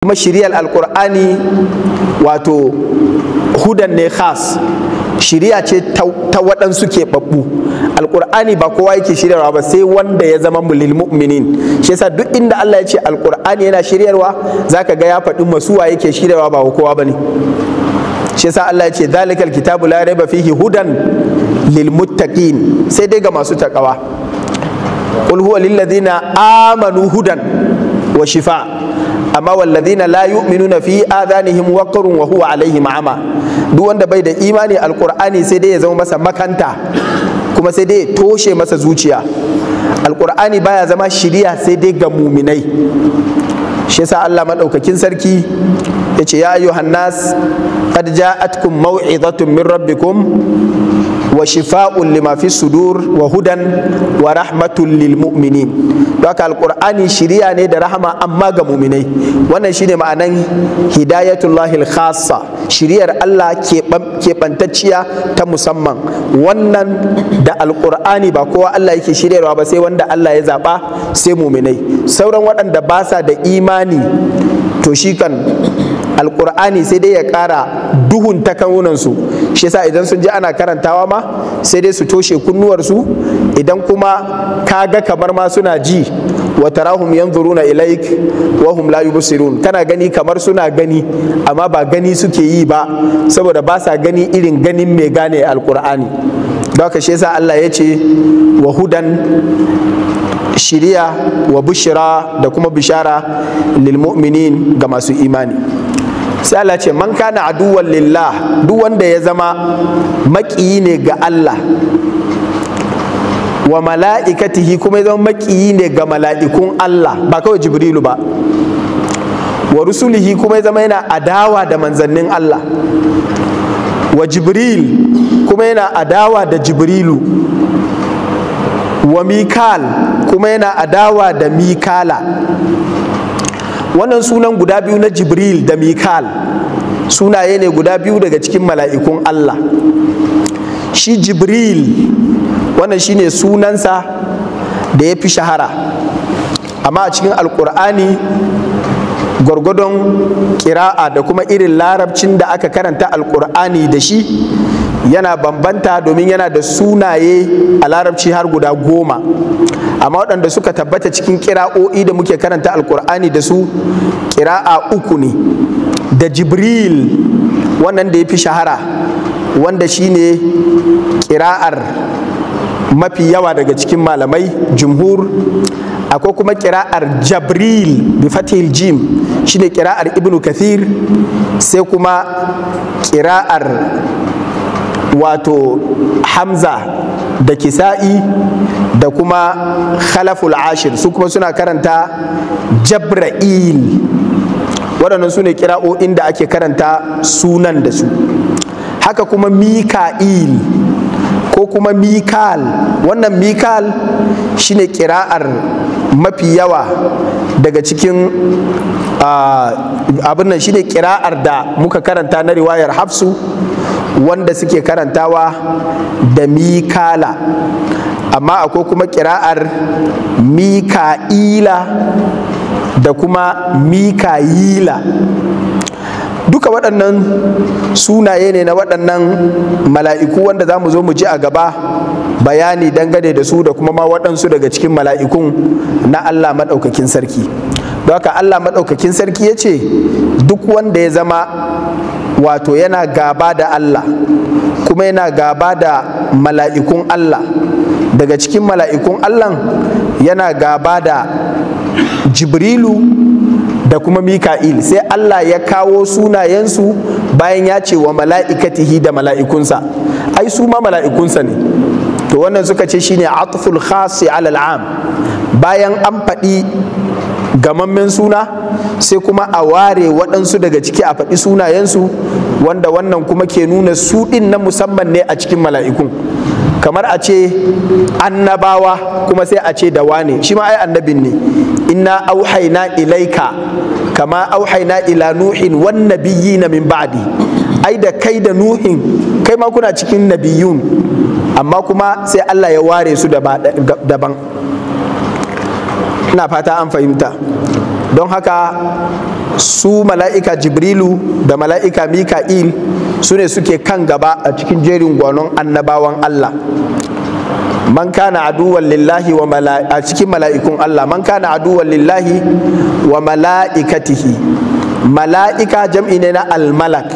kuma shiriyar alkur'ani wato hudan ne khas shiriya ce ta waɗansu keɓaɓɓu alkur'ani ba kowa yake shiryarwa ba sai wanda ya zama mulil mu'minin shi yasa duk inda Allah ya ce alkur'ani yana shiryarwa zaka ga ya faɗi masu wa yake shiryarwa ba kowa bane shi yasa Allah ya ce zalikal kitabu la raiba fihi hudan lil muttaqin sai dai ga masu takawa qul huwa lil ladina amanu hudan wa shifa amma walladina la yu'minuna fi adanihim waqrun wa huwa alaihim ama duk wanda bai da imani alqur'ani sai dai ya zama masa makanta kuma sai dai ya toshe masa zuciya alqur'ani baya zama shiriya sai dai ga muminai shi yasa Allah madaukakin sarki yace ya ayyuhan nas qad ja'atkum maw'izatun min rabbikum wa shifa'un lima fi sudur wa hudan wa rahmatun lil mu'minin haka alkur'ani shiriya ne da rahama amma ga muminai wannan shine ma'anan hidayatullahi khassa shiriyar Allah keɓantacciya ta musamman wannan da alkur'ani ba kowa Allah yake shiryarwa ba sai wanda Allah ya zaɓa sai muminai sauran waɗanda ba sa da imani to shi kan alkur'ani sai dai ya ƙara duhun ta kanunansu shi yasa idan sun ji ana karantawa ma sai dai su toshe kunnuwarsu idan kuma ka ga kamar ma suna ji wa tarahum yanzuruna ilaik wa hum la yubsirun kana gani kamar suna gani amma ba gani suke yi ba saboda ba sa gani irin ganin mai gane alkur'ani don haka shi yasa Allah ya ce wa hudan shiriya wa bushira da kuma bishara lil mu'minin ga masu imani sai Allah ce man kana aduwan lillah duk wanda ya zama maƙiyi ne ga Allah wa mala'ikatihi kuma ya zama maƙiyi ne ga mala'ikun Allah ba kawai jibrilu ba wa rusulihi kuma ya zama yana adawa da manzannin Allah wa jibril kuma yana adawa da jibrilu wa mikal kuma yana adawa da mikala wannan sunan guda biyu na jibril da mikal sunaye ne guda biyu daga cikin mala'ikun allah shi jibril wannan shine sunansa da ya fi shahara amma a cikin alkur'ani gwargwadon kira'a da kuma irin larabcin da aka karanta alkur'ani da shi yana bambanta domin yana da sunaye a larabci har guda goma amma waɗanda suka tabbata cikin kira'o'i da muke karanta alkur'ani da su kira'a uku ne da jibril wannan da ya fi shahara wanda shine kira'ar mafi yawa daga cikin malamai jumhur akwai kuma kira'ar jabril bi fatihil jim shine kira'ar ibnu kathir sai kuma kira'ar wato hamza da kisa'i da kuma khalaful ashir su kuma suna karanta jabra'il waɗannan su ne kira'o da ake karanta sunan da su haka kuma mika'il ko kuma mikal wannan mikal shine kira'ar mafi yawa daga cikin ah, abin nan shine kira'ar da muka karanta na riwayar hafsu wanda suke karantawa da mikala amma akwai kuma kira'ar mika'ila da kuma MiKa'ila. duka waɗannan sunaye ne na waɗannan mala'iku wanda za mu zo mu ji a gaba bayani dangane da su da kuma ma waɗansu daga cikin mala'ikun na Allah maɗaukakin sarki don haka Allah maɗaukakin sarki ya ce duk wanda ya zama wato yana gaba da Allah kuma yana gaba da mala'ikun Allah daga cikin mala'ikun Allah yana gaba da jibrilu da kuma mika'il sai Allah ya kawo sunayensu bayan ya ce wa mala'ikatihi da mala'ikunsa ai su ma mala'ikunsa ne to wannan suka ce shine atful khasi alal am bayan an faɗi gamammen suna sai kuma a ware waɗansu daga ciki a faɗi sunayensu wanda wannan kuma ke nuna su ɗin na musamman ne a cikin mala'ikun kamar a ce annabawa kuma sai a ce da wane shi ma ai annabin ne inna auhaina ilaika kama auhaina ila nuhin wannabiyyi na min ba'di ai da kai da nuhin kai ma kuna cikin nabiyun amma kuma sai Allah ya ware su daban ina fata an fahimta don haka su mala'ika jibrilu da mala'ika mika'il su ne suke kan gaba a cikin jerin gwanon annabawan allah man kana aduwan lillahi wa a cikin mala'ikun allah man kana aduwan lillahi wa mala'ikatihi mala'ika jam'i ne na almalak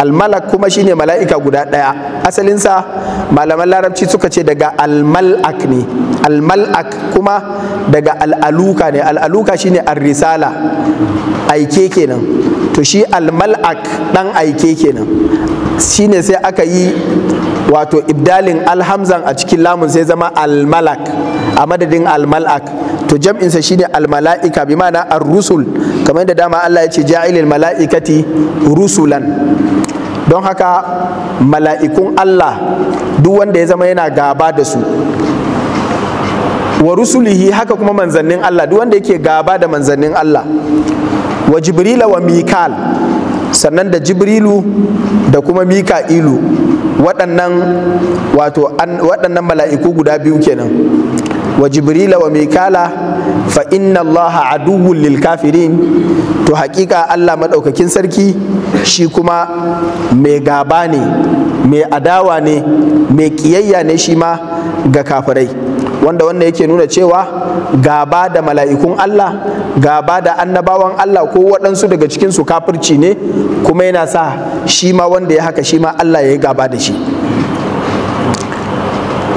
almalak kuma shine mala'ika guda ɗaya asalinsa malaman larabci suka ce daga almalak ne almal'ak kuma daga al'aluka ne al'aluka shine ar-risala aike kenan to shi almal'ak dan aike kenan shine sai aka yi wato ibdalin alhamzan a cikin lamun sai zama almalak a madadin almalak to jam'insa shine almala'ika bi ma'ana ar-rusul kamar yadda dama Allah ya ce ja'ilil mala'ikati rusulan don haka mala'ikun Allah duk wanda ya zama yana gaba da su wa rusulihi haka kuma manzannin Allah duk wanda yake gaba da manzannin Allah wa jibrila wa mikal sannan da jibrilu da kuma mika'ilu waɗannan wato waɗannan mala'iku guda biyu kenan wa jibrila wa mikala fa inna allaha aduwwun lil kafirin to hakika Allah maɗaukakin sarki shi kuma mai gaba ne mai adawa ne mai ƙiyayya ne shi ma ga kafirai wanda wannan yake nuna cewa gaba da mala'ikun Allah gaba da annabawan Allah ko waɗansu daga cikinsu kafirci ne kuma yana sa shi ma wanda ya haka shi ma Allah ya yi gaba da shi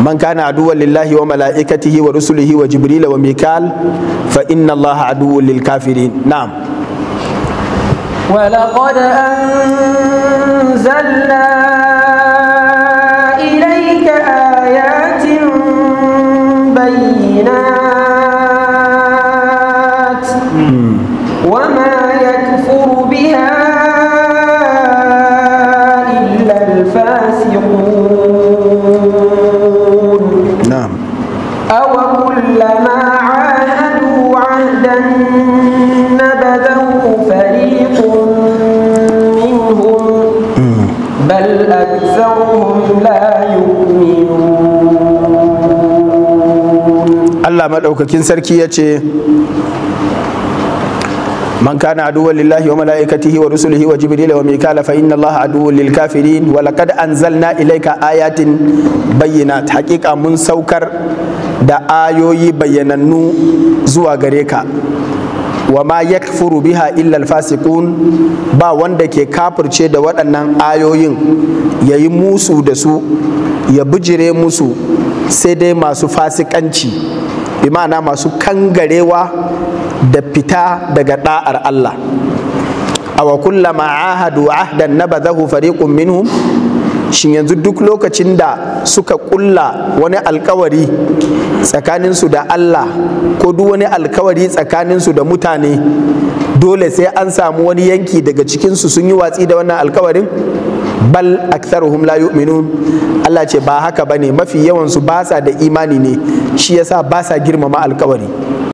man kana aduwwan lillahi wa mala'ikatihi wa rusulihi wa jibril wa mikal fa inna Allah aduwwun lil ولقد أنزلنا Allah maɗaukakin sarki ya ce man kana aduwwan lillahi wa malaikatihi wa rusulihi wa jibril wa mikala fa inna allaha aduwwun lil kafirin wa laqad anzalna ilayka ayatin bayyinat haqiqa mun saukar da ayoyi bayyanannu zuwa gare ka wa ma yakfuru biha illa alfasiqun ba wanda ke kafirce da waɗannan ayoyin yayi musu da su ya bijire musu sai dai masu fasikanci Imana masu kangarewa da fita daga da'ar Allah awa kullama maahadu ahdan nabadahu fariqun minhum shin yanzu duk lokacin da suka kulla wani alkawari tsakaninsu da Allah ko duk wani alkawari tsakaninsu da mutane dole sai an samu wani yanki daga cikinsu sun yi watsi da wannan alkawarin bal aktharuhum la yu'minun Allah ce ba haka bane mafi yawan su ba sa da imani ne shi yasa ba sa girmama alkawari